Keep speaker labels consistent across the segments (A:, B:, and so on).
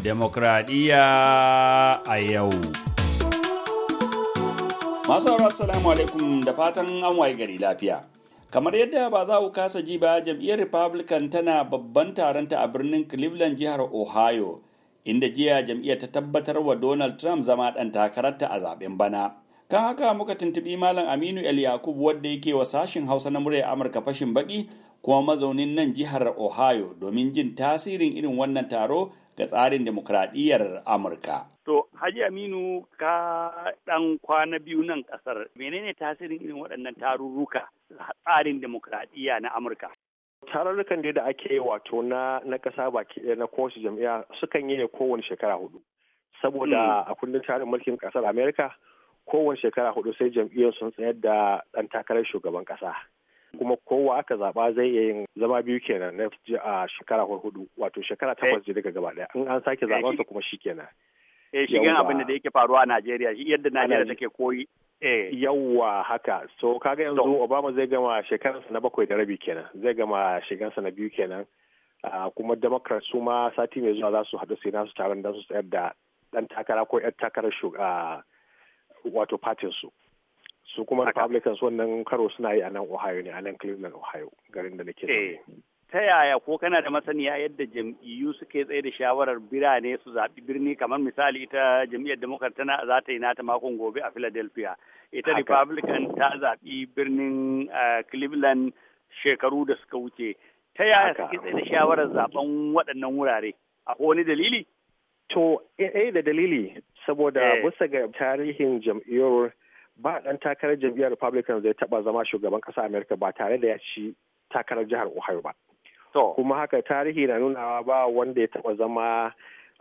A: demokradiyya a yau. Masu sauraro assalamu alaikum da fatan an waye gari lafiya. Kamar yadda ba za ku kasa ji ba jam'iyyar Republican tana babban taronta a birnin Cleveland jihar Ohio, inda jiya jam'iyyar ta tabbatar wa Donald Trump zama ɗan takararta a zaben bana. Kan haka muka tuntuɓi Malam Aminu El Yakub wadda yake wa sashin Hausa na murya Amurka fashin baƙi? kuma mazaunin nan jihar ohio domin jin tasirin irin wannan taro ga tsarin demokradiyyar amurka to haji aminu ka dan kwana biyu nan kasar menene tasirin irin waɗannan tarurruka tsarin demokradiyya na amurka
B: tarurrukan da ake yi wato na na ƙasa baki ɗaya na kowace jam'iyya sukan yi ne kowane shekara hudu saboda hmm. a kundin tarin mulkin ƙasar amerika kowane shekara hudu sai jam'iyyar sun tsayar da ɗan takarar shugaban ƙasa kuma kowa aka zaba zai iya yin zama biyu kenan na a shekara hudu wato shekara takwas je daga gaba daya in an sake eh, zaben su kuma shikenan eh shigen abin da
A: yake faruwa a Najeriya shi yadda Najeriya take koyi eh
B: yawa haka so kaga yanzu Obama zai gama shekarar sa na bakwai da rabi kenan zai gama sa na biyu kenan kuma Democrats su ma sati mai zuwa za su haɗu sai nasu taron da su tsayar da dan takara ko 'yar takarar wato fatin su su kuma republicans wannan karo suna yi a nan ohio ne a nan cleveland ohio garin da nake eh,
A: ta yaya ko kana da masaniya yadda jam'iyyu suke tsaye da shawarar birane su zaɓi birni kamar misali ita jam'iyyar democrat tana za ta yi nata makon gobe a philadelphia ita republican ta zaɓi birnin eh, cleveland shekaru da suka wuce ta yaya suke tsaye da shawarar zaɓen waɗannan wurare akwai wani dalili
B: to eh, eh da dalili saboda bisa ga tarihin jam'iyyar ba dan takarar jam'iyyar republican zai taba zama shugaban kasa america ba tare da ya ci takarar jihar ohio ba kuma haka tarihi na nunawa ba wanda ya taba zama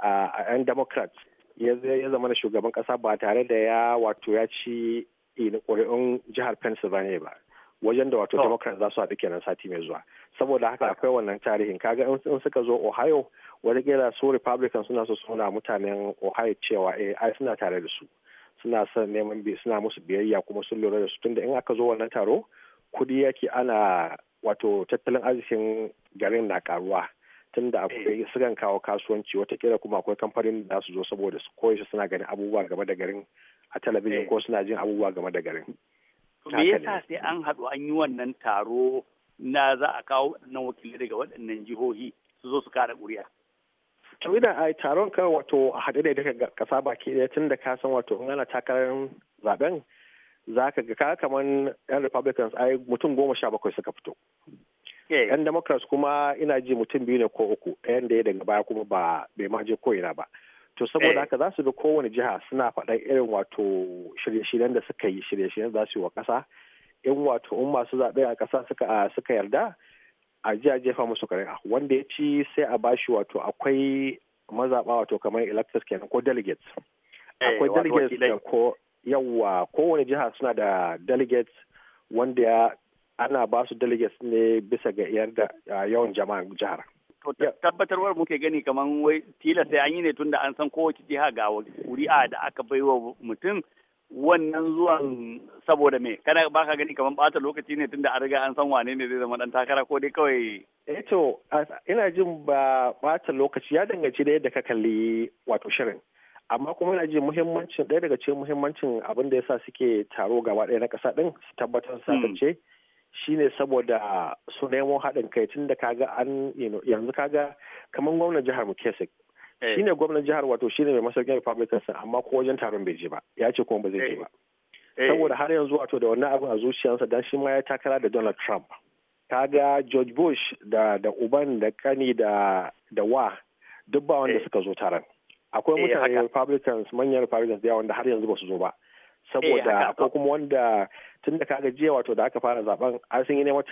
B: a 'yan democrat ya zama na shugaban kasa ba tare da ya wato ya ci ƙuri'un jihar pennsylvania ba wajen da wato democrat za su haɗu kenan sati mai zuwa saboda haka akwai wannan tarihin kaga in suka zo ohio wataƙila su republican suna so suna mutanen ohio cewa eh ai suna tare da su suna son neman bi suna musu biyayya kuma sun lura da su tunda in aka zo wannan taro kudi yake ana wato tattalin arzikin garin na karuwa tunda akwai eh. sigan kawo kasuwanci watakila kuma akwai kamfanin da su zo saboda su koyi suna ganin abubuwa game da garin a talabijin eh. ko suna jin abubuwa game da garin. me yasa
A: sai an haɗu an yi wannan taro na za a kawo waɗannan wakilai daga waɗannan jihohi su zo su kara ƙuri'a.
B: to idan a taron kan wato a haɗe da daga ƙasa baki ɗaya tun da ka san wato in ana takarar zaben za ka ga kamar yan republicans ai mutum goma sha bakwai suka fito yan eh. democrats kuma ina ji mutum biyu ne ko uku ɗayan da ya daga baya kuma ba bai ma je ko ina ba to saboda eh. haka za su bi kowane jiha suna faɗan irin wato shirye-shiryen da suka yi shirye-shiryen za su yi wa ƙasa in wato in masu zaɓe a ƙasa suka yarda a ji a jefa musu kariya wanda ya ci sai a bashi wato akwai mazaɓa wato kamar electors kenan ko delegates eh, akwai delegates da ko yawa kowane jiha suna da delegates wanda ya ana ba su delegates ne bisa ga da yawan jama'an jihar
A: to tabbatarwar muke gani kamar wai tilasta sai an yi ne tunda an san kowace jiha ga kuri'a da aka baiwa mutum wannan zuwan saboda me kana ba ka gani kamar bata lokaci ne tunda an riga an san wane ne zai zama dan takara ko dai kawai
B: eh to ina jin ba bata lokaci ya danganci da yadda ka kalli wato shirin amma kuma ina jin muhimmancin ɗaya daga cikin muhimmancin abin da yasa suke taro gaba ɗaya na ƙasa ɗin su tabbatar hmm. su shine saboda su nemo haɗin kai tun da kaga an yanzu kaga kamar gwamnan jihar mu Kesik Eh. shi ne gwamnan jihar wato shine mai masaukin republicans amma ko wajen taron bai je ba ya ce kuma ba zai je eh. ba eh. saboda har yanzu wato da wannan abin a zuciyarsa dan shi ma ya takara da donald trump kaga george bush da da uban da kani da da wa duk ba wanda suka zo taron akwai mutane republicans manyan republicans da wanda har yanzu ba su zo ba saboda ko kuma wanda tun da kaga jiya wato da aka fara zaben an sun yi neman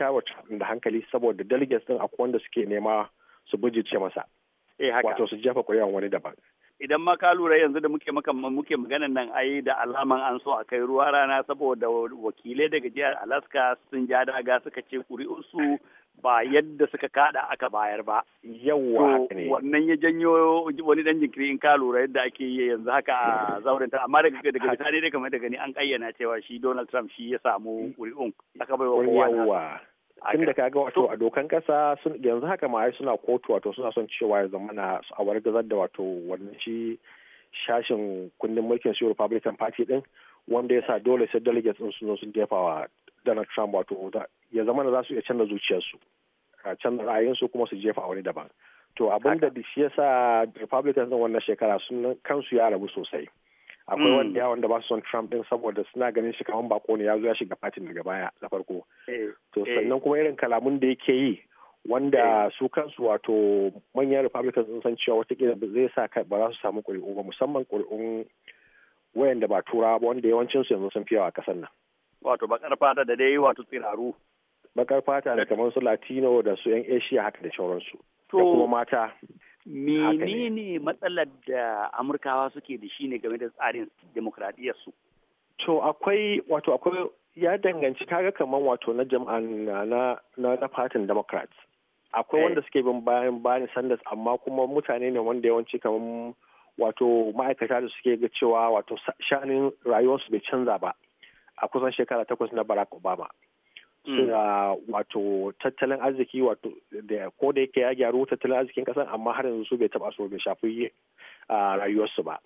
B: da hankali saboda delegates din akwai wanda suke nema su bujice masa Eh, wato su jefa kuri'an wani daban
A: idan ma ka lura yanzu da muke maka muke maganan nan ai da alaman an so a kai ruwa rana saboda wakilai daga jihar Alaska sun ja daga suka ce kuri'unsu ba yadda suka kada aka bayar ba.
B: Yawwa ne. Wannan
A: ya janyo wani dan jinkiri in ka lura yadda ake yi yanzu haka a zauren ta amma daga daga bisani dai kamar daga ni an kayyana cewa shi Donald Trump shi ya samu kuri'un aka bai wa kowa. Yawwa.
B: tun da kaga wato a dokan kasa yanzu haka ma suna kotu wato suna son cewa ya zama na a wargazar da wato wannan shi shashin kundin mulkin su Republican Party din wanda ya sa dole sai delegates din sun sun jefa wa Donald Trump wato ya zama na za su iya canza zuciyarsu canza su kuma su jefa a wani daban to abin da shi yasa Republicans din wannan shekara sun kansu ya rabu sosai
A: akwai hmm. wanda yawan
B: da ba su son Trump din saboda suna ganin shi kamar bako ne ya zo ya shiga fatin daga baya na farko eh, to eh. sannan kuma irin kalamun da yake yi wanda eh. su kansu wato manyan Republicans sun san cewa kira zai sa kai ba za su samu ƙuri'u ba musamman ƙuri'un wayanda ba turawa ba wanda yawancin su yanzu sun fi a ƙasar nan
A: wato bakar fata da dai wato tsiraru
B: bakar fata da kamar su latino da su yan asia haka da sauransu da kuma mata
A: menene matsalar da amurkawa suke da shi ne game da tsarin su
B: to akwai wato akwai ya danganci kaga kamar wato na jama'a na na fatin democrats akwai eh. wanda suke bin bayan bani sanders amma kuma mutane ne wanda yawanci kamar wato ma'aikata da suke ga cewa wato sha'anin rayuwarsu bai canza ba a kusan shekara takwas na barack obama Mm. wato tattalin arziki wato da ko da yake ya gyaru tattalin arzikin kasar amma har yanzu su bai taba so bai shafi rayuwarsu ba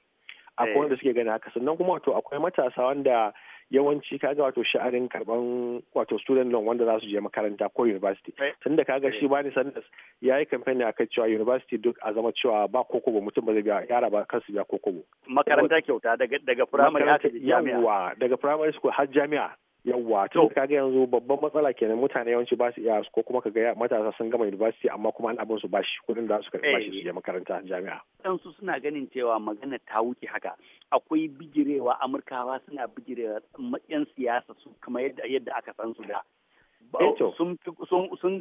B: akwai wanda eh. suke gani haka sannan kuma wato akwai matasa wanda yawanci kaga wato sha'arin karban wato student loan wanda za su je makaranta ko university
A: eh. tun da kaga shi eh.
B: bani sanders ya yi kamfani akan cewa university duk a zama cewa ba kokobo mutum ba zai biya yara ba kansu biya kokobo makaranta
A: kyauta daga daga primary har jami'a
B: daga primary school har jami'a yawwa to ga yanzu babban matsala kenan mutane yawanci ba su iya ko kuma ka gaya matasa sun gama university amma kuma an abin su ba bashi kuɗin da su karɓi bashi eh. su je makaranta jami'a
A: dan su suna ganin cewa magana ta wuce haka akwai bigirewa amurkawa suna bigirewa matsayin siyasa su kamar yadda aka san su da Eh sun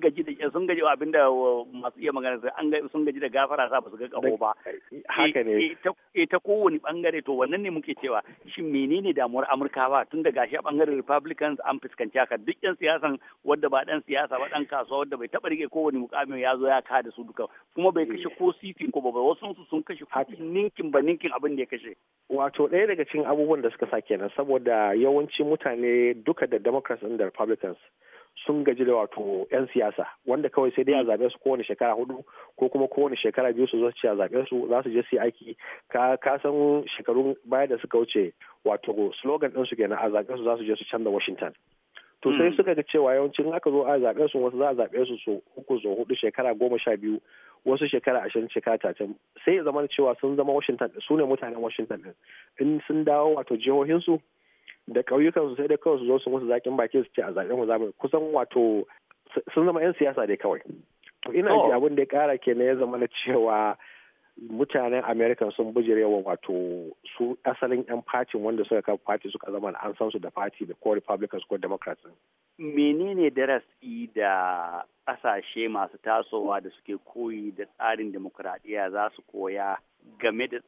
A: gaji da sun gaji abin abinda masu iya magana sai sun gaji da gafara sa ba su ga kaho ba
B: eh, haka ne
A: e ta kowane bangare to wannan ne muke cewa shin menene damuwar ba tun da gashi a bangaren republicans an fuskanci haka duk yan siyasan wanda ba dan siyasa ba dan kasuwa wanda bai taba rike kowane mukamin ya zo ya ka da su duka kuma bai kashe ko sifin ko ba wasu su sun kashe ninkin ba ninkin abin da ya kashe
B: wato ɗaya daga cikin abubuwan da suka sa kenan saboda yawancin mutane duka da democrats da republicans sun gaji da wato 'yan siyasa wanda kawai sai dai a mm. zaɓe su kowane shekara hudu ko kuma kowane shekara biyu su zo ci a zaɓe su za su je su yi aiki ka ka san shekarun baya da suka wuce wato slogan ɗinsu kenan a zaɓe su za su je su canza Washington. To sai mm. suka ga cewa yawancin aka zo a zaɓe su wasu za a zaɓe su so uku so hudu shekara goma sha biyu wasu shekara ashirin shekara tatin sai ya zama cewa sun zama Washington su ne mutanen Washington ɗin in sun dawo wato jihohinsu da ƙauyukan sai da kawai su zo su musu zaƙin baki su ce a zaɓen mu zamu kusan wato sun zama 'yan siyasa dai kawai to ina ji abin da ya ke kenan ya zama na cewa mutanen america sun yawan wato su asalin 'yan party wanda suka kafa party suka zama an san su da party da ko republicans ko democrats
A: menene darasi da kasashe masu tasowa da suke koyi da tsarin demokuraɗiyya za su koya game da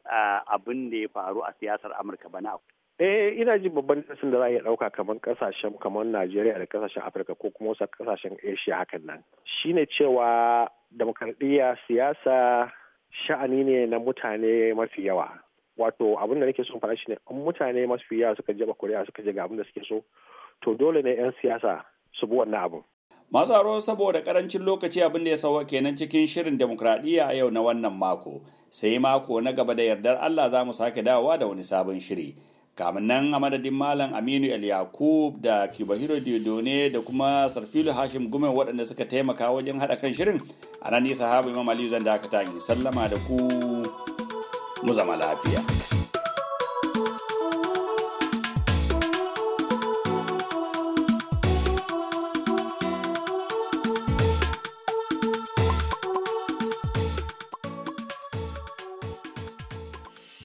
A: abin da ya faru a siyasar amurka bana
B: eh ina jin babban darasin da za a iya ɗauka kamar kasashen kamar najeriya da kasashen afirka ko kuma wasu kasashen asia hakan nan shine cewa demokradiyya siyasa sha'ani ne na mutane mafi yawa wato abin da nake so faɗa shine in mutane mafi yawa suka jaba kuri'a suka je ga abin da suke so to dole ne 'yan siyasa su bi wannan abin
A: masu aro saboda karancin lokaci abin da ya sauwa kenan cikin shirin demokradiyya a yau na wannan mako sai mako na gaba da yardar allah za mu sake dawowa da wani sabon shiri kamun nan a madadin malam aminu el yakub da kibahiro diodone da kuma sarfilu hashim gume waɗanda suka taimaka wajen haɗa kan shirin a nan nisa habu imam aliyu zan dakata in sallama da ku mu zama lafiya.